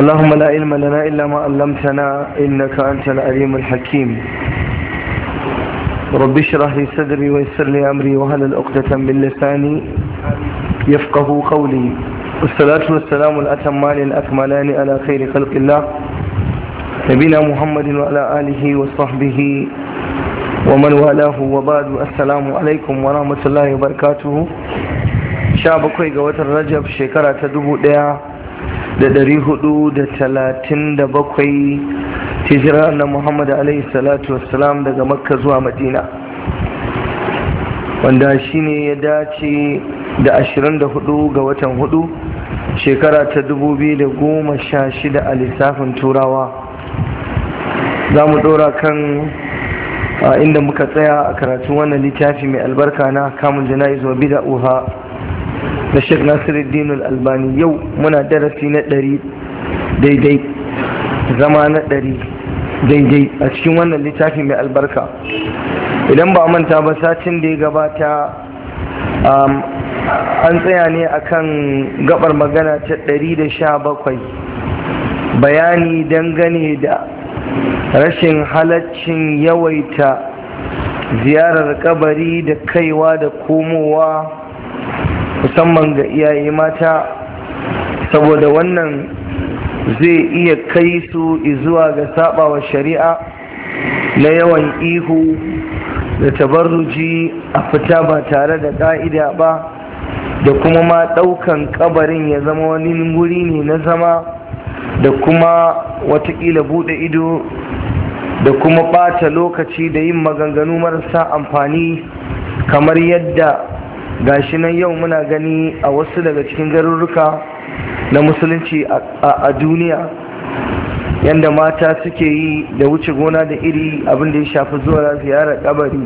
اللهم لا علم لنا إلا ما علمتنا إنك أنت العليم الحكيم رب اشرح لي صدري ويسر لي أمري وهل الأقدة من لساني يفقه قولي والصلاة والسلام الأتمان الأكملان على خير خلق الله نبينا محمد وعلى آله وصحبه ومن والاه وبعد السلام عليكم ورحمة الله وبركاته شعب كويغة وتر رجب شكرة تدبو ديا da ɗari hudu da talatin da bakwai hijira na muhammadu alaihi salatu wassalam daga makka zuwa madina wanda shi ne ya dace da ashirin da hudu ga watan hudu shekara ta dubu biyu da goma sha shida a lissafin turawa za mu ɗora kan inda muka tsaya a karatun wannan littafi mai albarka na kamun jana'iz wa bida uha da shek Nasiruddin albani yau muna darasi na ɗari daidai zama na ɗari daidai a cikin wannan littafi mai albarka idan ba manta ba satin da ya gabata um, an tsaya ne a kan gabar magana ta ɗari da sha bakwai bayani dangane da rashin halaccin yawaita ziyarar kabari da kaiwa da komowa musamman ga iyaye mata saboda wannan zai iya kai su zuwa ga sabawa shari'a na yawan ihu da tabarruji a fita ba tare da ka'ida ba da kuma ma ɗaukan kabarin ya zama wani wuri ne na zama da kuma watakila buɗe ido da kuma ɓata lokaci da yin maganganu marasa amfani kamar yadda Ga shi nan yau muna gani a wasu daga cikin garuruka na musulunci a duniya yadda mata suke yi da wuce gona da iri abin da ya shafi zuwa ziyarar kabari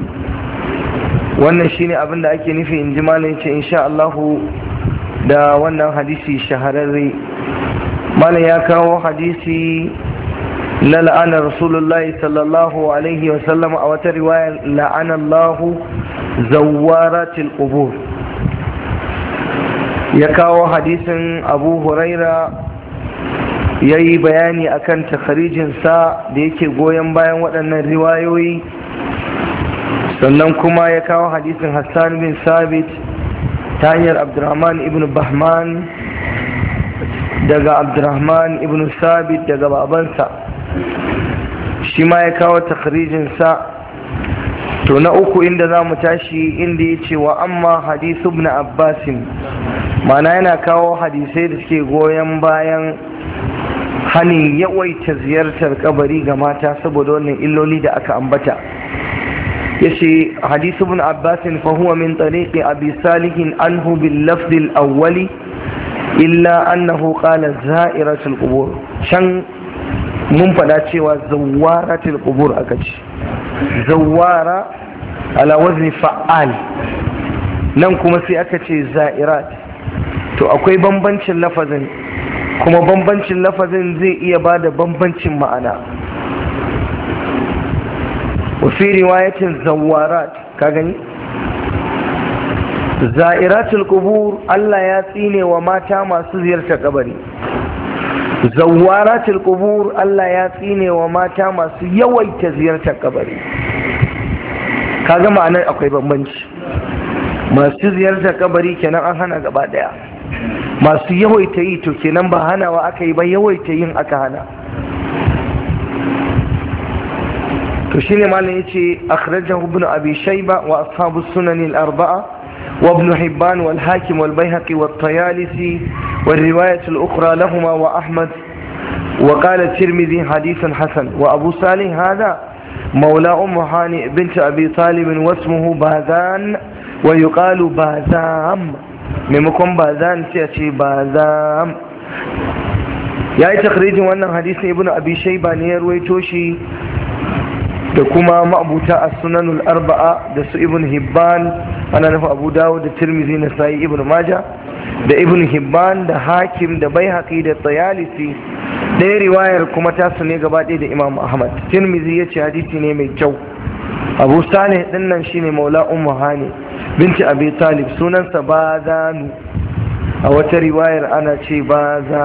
wannan shine abin da ake nufi in ji malam ce insha Allahu da wannan hadisi shahararre malam ya kawo hadisi na la'ana rasulullahi sallallahu alaihi wasallam a wata riwaya la'ana allahu zawaratil qubur ya kawo hadisin abu huraira ya yi bayani akan takarijinsa da yake goyon bayan waɗannan riwayoyi sannan kuma ya kawo hadisin hassan bin sabit ta hanyar abdurrahman ibn bahman daga abdurrahman ibn sabit daga babansa shi ma ya kawo sa to na uku inda za mu tashi inda ya ce wa amma hadisu ibn abbasin mana yana kawo hadisai da suke goyon bayan hani yawaita ziyartar kabari ga mata saboda wannan illoli da aka ambata ya ce hadisu ibn abbasin fahuwa min tsariƙi abi salihin anhu bil lafdil awwali illa annahu qala za'iratul qubur can mun fada cewa zawara tilkubur aka ce zawara ala wazni fa'al nan kuma sai aka ce za'irat to akwai bambancin lafazin kuma bambancin lafazin zai iya ba da bambancin ma'ana wafi riwayatin zawarat ka gani za'iratul qubur Allah ya tsine wa mata masu ziyarta kabari zawaratul qubur Allah ya tsine wa mata masu yawaita ziyartar kabari kaga ma'anar akwai bambanci masu ziyartar kabari kenan an hana gaba daya masu yawaita yi to kenan ba hanawa aka yi ba yawaita yin aka hana to shine malam yace akhrajahu ibn abi shayba wa ashabu sunan al-arba'a وابن حبان والحاكم والبيهقي والطيالسي والرواية الأخرى لهما وأحمد وقال الترمذي حديثا حسن وأبو صالح هذا مولى أم هاني بنت أبي طالب واسمه باذان ويقال باذام ممكن باذان سيأتي باذام ya yi takrijin wannan hadisin ibn abi shaiba ne ya ruwaito shi da kuma ma'abuta a sunanul arba'a da su ibn hibban ana nufin abu dawo da tirmizi na sayi ibn maja da ibn hibban da hakim da bai haƙi da tsayalisi ɗaya riwayar kuma tasu ne gaba ɗaya da imam ahmad tirmizi ya ce hadisi ne mai kyau abu salih ɗin nan shine maula ummu hani binci abi talib sunansa bazanu a wata riwayar ana ce baza